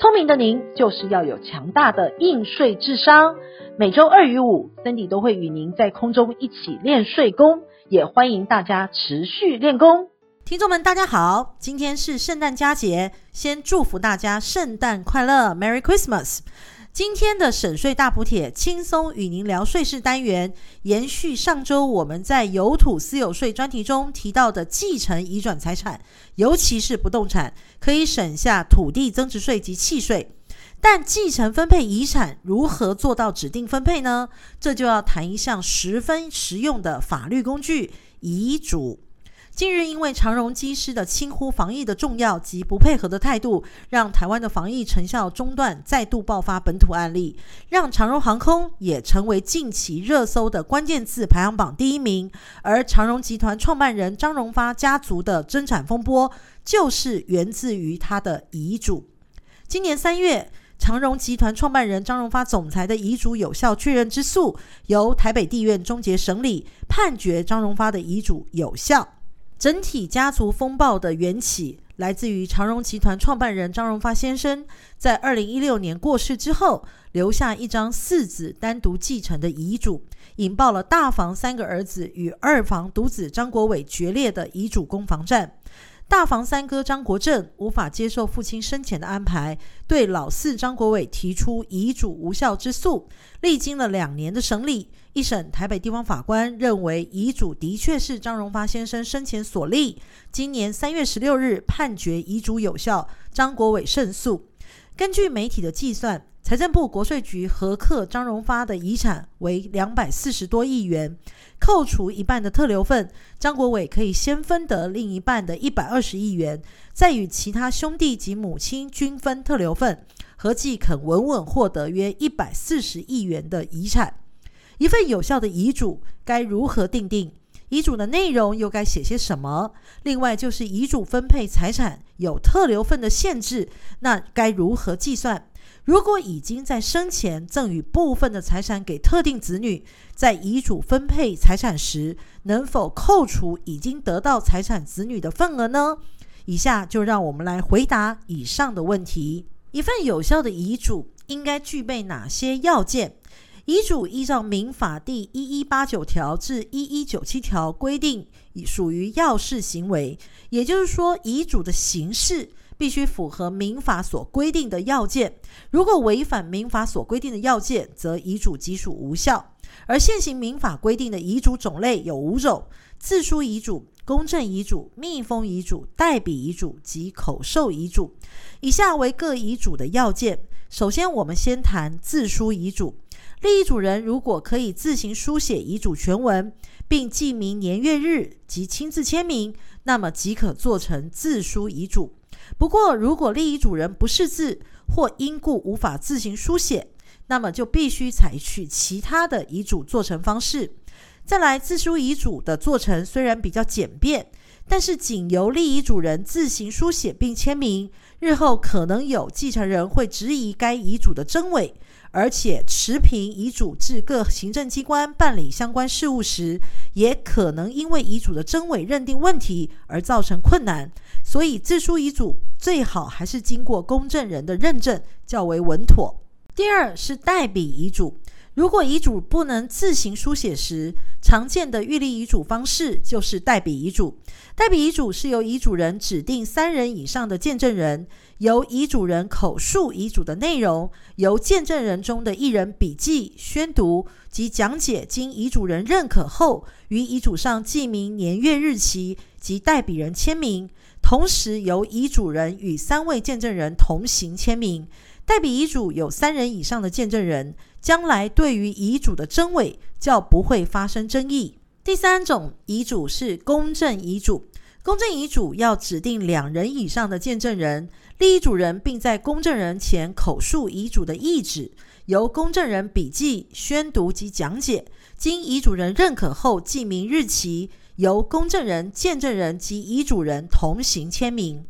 聰明的您就是要有強大的應稅智商。每周二與五，Cindy 都會與您在空中一起練稅功，也歡迎大家持續練功。聽眾們，大家好，今天是聖誕佳節，先祝福大家聖誕快樂，Merry Christmas。今天的省稅大補帖，輕鬆與您聊稅事單元，延續上周我們在有土斯有稅專題中提到的繼承移轉財產，尤其是不動產，可以省下土地增值稅及契稅。但繼承分配遺產如何做到指定分配呢？這就要談一項十分實用的法律工具——遺囑。近日，因為長榮機師的輕忽防疫的重要及不配合的態度，讓台灣的防疫成效中斷，再度爆發本土案例，讓長榮航空也成為近期熱搜的關鍵字排行榜第一名。而長榮集團創辦人張榮發家族的爭產風波，就是源自於他的遺囑。今年三月，長榮集團創辦人張榮發總裁的遺囑有效確認之訴，由台北地院終結審理，判決張榮發的遺囑有效。整體家族風暴的緣起，來自於長榮集團創辦人張榮發先生在二零一六年過世之後，留下一張四子單獨繼承的遺囑，引爆了大房三個兒子與二房獨子張國偉決裂的遺囑攻防戰。大房三哥張國政無法接受父親生前的安排，對老四張國偉提出遺囑無效之訴。歷經了兩年的審理，一審台北地方法官認為遺囑的確是張榮發先生生前所立。今年三月十六日判決遺囑有效，張國偉勝訴。根據媒體的計算，財政部國稅局核課張榮發的遺產為兩百四十多億元，扣除一半的特留分，張國偉可以先分得另一半的一百二十億元，再與其他兄弟及母親均分特留分，合計肯穩穩獲得約一百四十億元的遺產。一份有效的遺囑該如何訂定？遺囑的內容又該寫些什麼？另外就是遺囑分配財產有特留分的限制，那該如何計算？如果已經在生前贈與部分的財產給特定子女，在遺囑分配財產時，能否扣除已經得到財產子女的份額呢？以下就讓我們來回答以上的問題。一份有效的遺囑應該具備哪些要件？遺囑依照民法第一一八九條至一一九七條規定，屬於要式行為，也就是說，遺囑的形式。必須符合民法所規定的要件。如果違反民法所規定的要件，則遺囑即屬無效。而現行民法規定的遺囑種類有五種：自書遺囑、公證遺囑、密封遺囑、代筆遺囑及口授遺囑。以下為各遺囑的要件。首先，我們先談自書遺囑。立遺囑人如果可以自行書寫遺囑全文，並記明年月日及親自簽名，那麼即可做成自書遺囑。不過，如果立遺囑人不識字或因故無法自行書寫，那麼就必須採取其他的遺囑做成方式。再來，自書遺囑的做成雖然比較簡便，但是，僅由立遺囑人自行書寫並簽名，日後可能有繼承人會質疑該遺囑的真偽，而且持憑遺囑至各行政機關辦理相關事務時，也可能因為遺囑的真偽認定問題而造成困難。所以，自書遺囑最好還是經過公證人的認證較為穩妥。第二是代筆遺囑，如果遺囑不能自行書寫時，常見的預立遺囑方式就是代筆遺囑。代筆遺囑是由遺囑人指定三人以上的見證人，由遺囑人口述遺囑的內容，由見證人中的一人筆記、宣讀及講解，經遺囑人認可後，於遺囑上記明年月日期及代筆人簽名，同時由遺囑人與三位見證人同行簽名。代筆遺囑有三人以上的見證人。將來對於遺囑的真偽，較不會發生爭議。第三種遺囑是公證遺囑，公證遺囑要指定兩人以上的見證人，立遺囑人並在公證人前口述遺囑的意旨，由公證人筆記、宣讀及講解，經遺囑人認可後記明日期，由公證人、見證人及遺囑人同行簽名。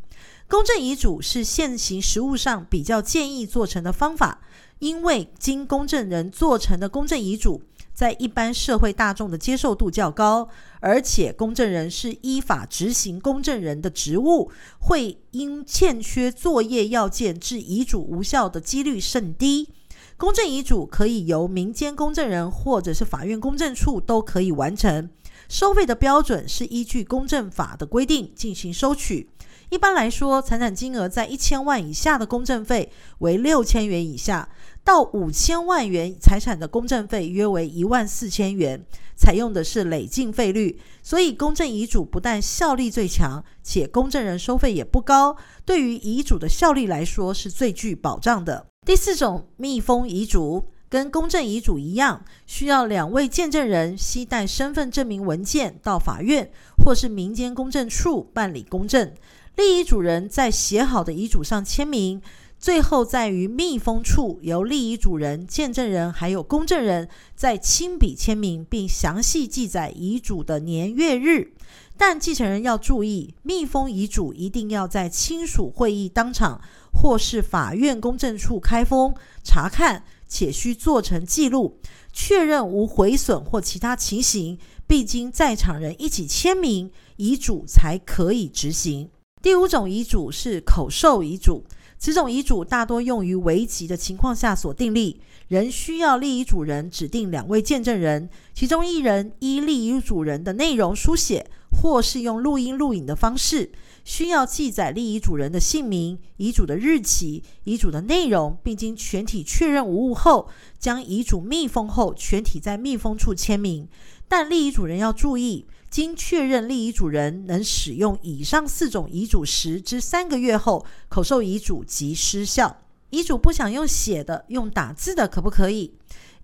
公證遺囑是現行實務上比較建議做成的方法。因為經公證人做成的公證遺囑，在一般社會大眾的接受度較高，而且公證人是依法執行公證人的職務，會因欠缺作業要件致遺囑無效的幾率甚低。公證遺囑可以由民間公證人或者是法院公證處都可以完成，收費的標準是依據公證法的規定進行收取。一般來說，財產金額在一千萬以下的公證費為六千元以下。到五千萬元財產的公證費約為一萬四千元，採用的是累進費率，所以公證遺囑不但效力最強，且公證人收費也不高，對於遺囑的效力來說是最具保障的。第四種密封遺囑跟公證遺囑一樣，需要兩位見證人攜帶身份證明文件到法院或是民間公證處辦理公證。立遺囑人在寫好的遺囑上簽名。最後，在於密封處由立遺囑人、見證人還有公證人在親筆簽名，並詳細記載遺囑的年月日。但繼承人要注意，密封遺囑一定要在親屬會議當場或是法院公證處開封查看，且需做成記錄，確認無毀損或其他情形，並經在場人一起簽名，遺囑才可以執行。第五種遺囑是口授遺囑。此種遺囑大多用於危急的情況下所訂立，仍需要立遺囑人指定兩位見證人，其中一人依立遺囑人的內容書寫，或是用錄音錄影的方式，需要記載立遺囑人的姓名、遺囑的日期、遺囑的內容，並經全體確認無誤後，將遺囑密封後，全體在密封處簽名。但立遺囑人要注意。經確認，立遺囑人能使用以上四種遺囑時，至三個月後，口授遺囑即失效。遺囑不想用寫的，用打字的可不可以？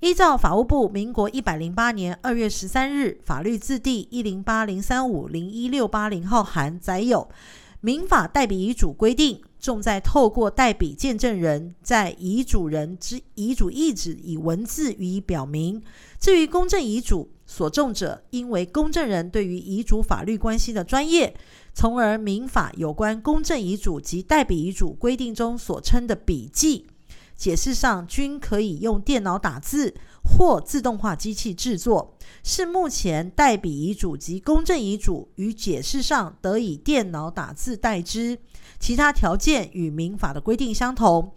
依照法務部民國一百零八年二月十三日法律字第一零八零三五零一六八零號函載有《民法代筆遺囑》規定，重在透過代筆見證人在遺囑人之遺囑意旨，以文字予以表明。至於公證遺囑。所重者，因為公證人對於遺囑法律關係的專業，從而民法有關公證遺囑及代筆遺囑規定中所稱的筆記，解釋上均可以用電腦打字或自動化機器製作，是目前代筆遺囑及公證遺囑與解釋上得以電腦打字代之。其他條件與民法的規定相同。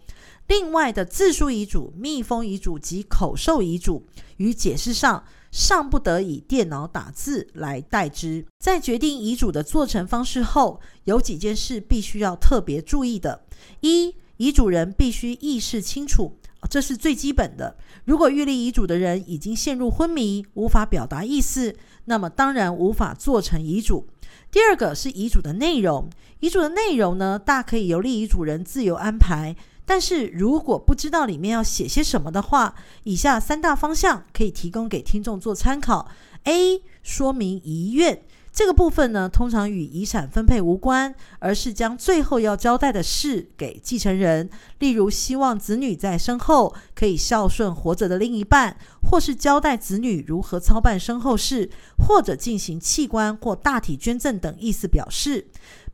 另外的自書遺囑、密封遺囑及口授遺囑與解釋上。尚不得以電腦打字來代之。在決定遺囑的做成方式後，有幾件事必須要特別注意的：一、遺囑人必須意識清楚，這是最基本的。如果預立遺囑的人已經陷入昏迷，無法表達意思，那麼當然無法做成遺囑。第二個是遺囑的內容，遺囑的內容呢，大可以由立遺囑人自由安排。但是如果不知道裡面要寫些什麼的話，以下三大方向可以提供給聽眾做參考：A. 說明遺願，這個部分呢，通常與遺產分配無關，而是將最後要交代的事給繼承人，例如希望子女在身後可以孝順活着的另一半，或是交代子女如何操辦身後事，或者進行器官或大體捐贈等意思表示。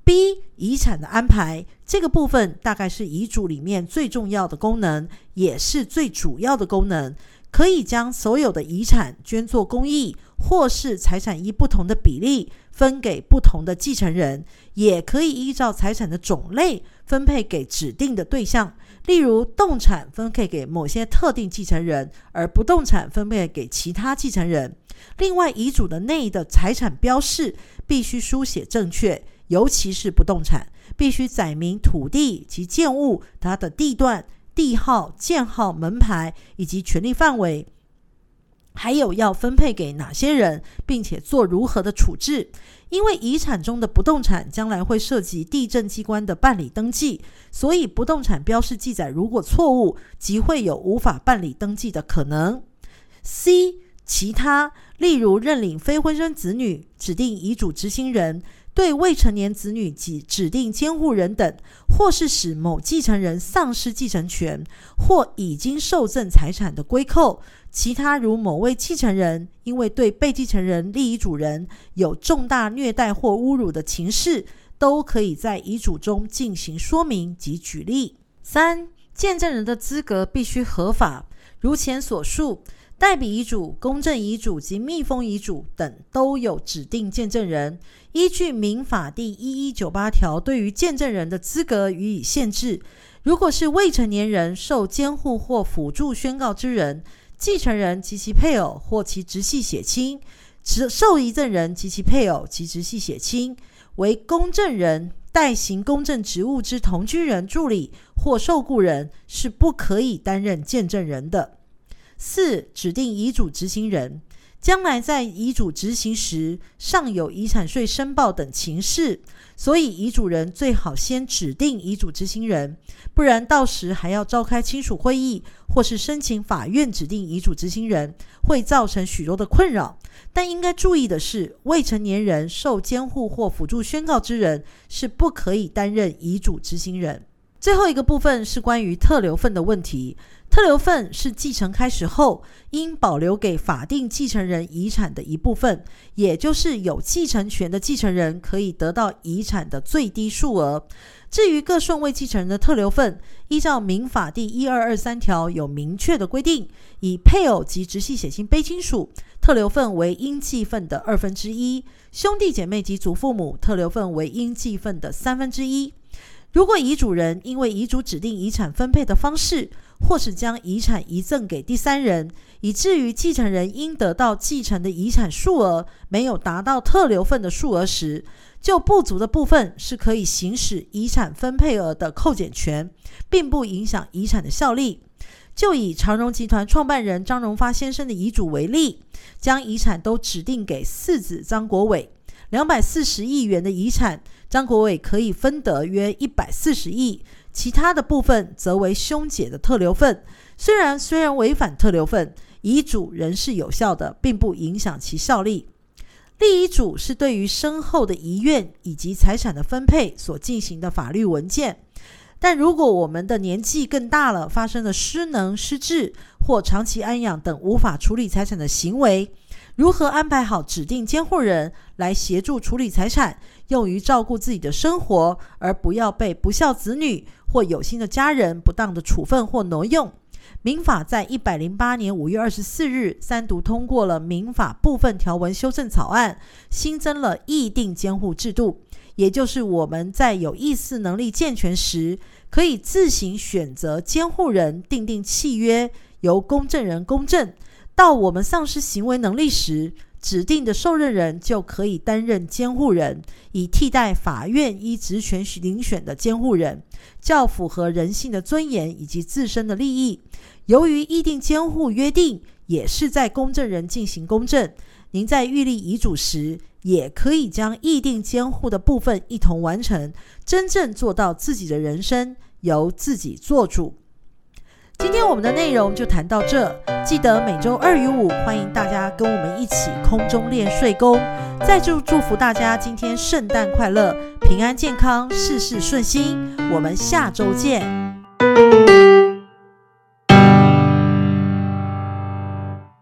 B 遺產的安排，這個部分大概是遺囑裡面最重要的功能，也是最主要的功能。可以將所有的遺產捐作公益，或是財產依不同的比例分給不同的繼承人，也可以依照財產的種類分配給指定的對象。例如，動產分配給某些特定繼承人，而不動產分配給其他繼承人。另外，遺囑的內的財產標示必須書寫正確。尤其是不動產，必須載明土地及建物它的地段、地號、建號、門牌以及權利範圍，還有要分配給哪些人，並且做如何的處置。因為遺產中的不動產將來會涉及地政機關的辦理登記，所以不動產標示記載如果錯誤，即會有無法辦理登記的可能。C 其他，例如認領非婚生子女、指定遺囑執行人。對未成年子女及指定監護人等，或是使某繼承人喪失繼承權或已經受贈財產的歸扣，其他如某位繼承人因為對被繼承人立遺囑人有重大虐待或侮辱的情事，都可以在遺囑中進行說明及舉例。三、見證人的資格必須合法，如前所述。代筆遺囑、公證遺囑及密封遺囑等都有指定見證人。依據民法第一一九八條，對於見證人的資格予以限制。如果是未成年人受監護或輔助宣告之人、繼承人及其配偶或其直系血親、受遺贈人及其配偶及直系血親，為公證人、代行公證職務之同居人、助理或受僱人，是不可以擔任見證人的。四、指定遺囑執行人，將來在遺囑執行時尚有遺產稅申報等情事，所以遺囑人最好先指定遺囑執行人，不然到時還要召開親屬會議或是申請法院指定遺囑執行人，會造成許多的困擾。但應該注意的是，未成年人受監護或輔助宣告之人是不可以擔任遺囑執行人。最後一個部分是關於特留分的問題。特留份是繼承開始後應保留給法定繼承人遺產的一部分，也就是有繼承權的繼承人可以得到遺產的最低數額。至於各順位繼承人的特留份，依照民法第一二二三條有明確的規定：以配偶及直系血親卑親屬，特留份為應繼份的二分之一；2, 兄弟姐妹及祖父母，特留份為應繼份的三分之一。3, 如果遺囑人因為遺囑指定遺產分配的方式，或是將遺產遺贈給第三人，以至於繼承人應得到繼承的遺產數額沒有達到特留分的數額時，就不足的部分是可以行使遺產分配額的扣減權，並不影響遺產的效力。就以長榮集團創辦人張榮發先生的遺囑為例，將遺產都指定給四子張國偉。兩百四十億元的遺產，張國偉可以分得約一百四十億，其他的部分則為兄姐的特留份。雖然雖然違反特留份，遺囑仍是有效的，並不影響其效力。立遺囑是對於身後的遺願以及財產的分配所進行的法律文件。但如果我們的年紀更大了，發生了失能、失智或長期安養等無法處理財產的行為。如何安排好指定監護人來協助處理財產，用於照顧自己的生活，而不要被不孝子女或有心的家人不當的處分或挪用？民法在一百零八年五月二十四日三讀通過了民法部分條文修正草案，新增了意定監護制度，也就是我們在有意思能力健全時，可以自行選擇監護人，訂定契約，由公證人公證。到我們喪失行為能力時，指定的受任人就可以擔任監護人，以替代法院依職權遴選的監護人，較符合人性的尊嚴以及自身的利益。由於意定監護約定也是在公證人進行公證，您在預立遺囑時也可以將意定監護的部分一同完成，真正做到自己的人生由自己做主。今天我們的內容就談到這，記得每周二與五，歡迎大家跟我們一起空中練睡功。再祝祝福大家今天聖誕快樂，平安健康，事事順心。我們下周見。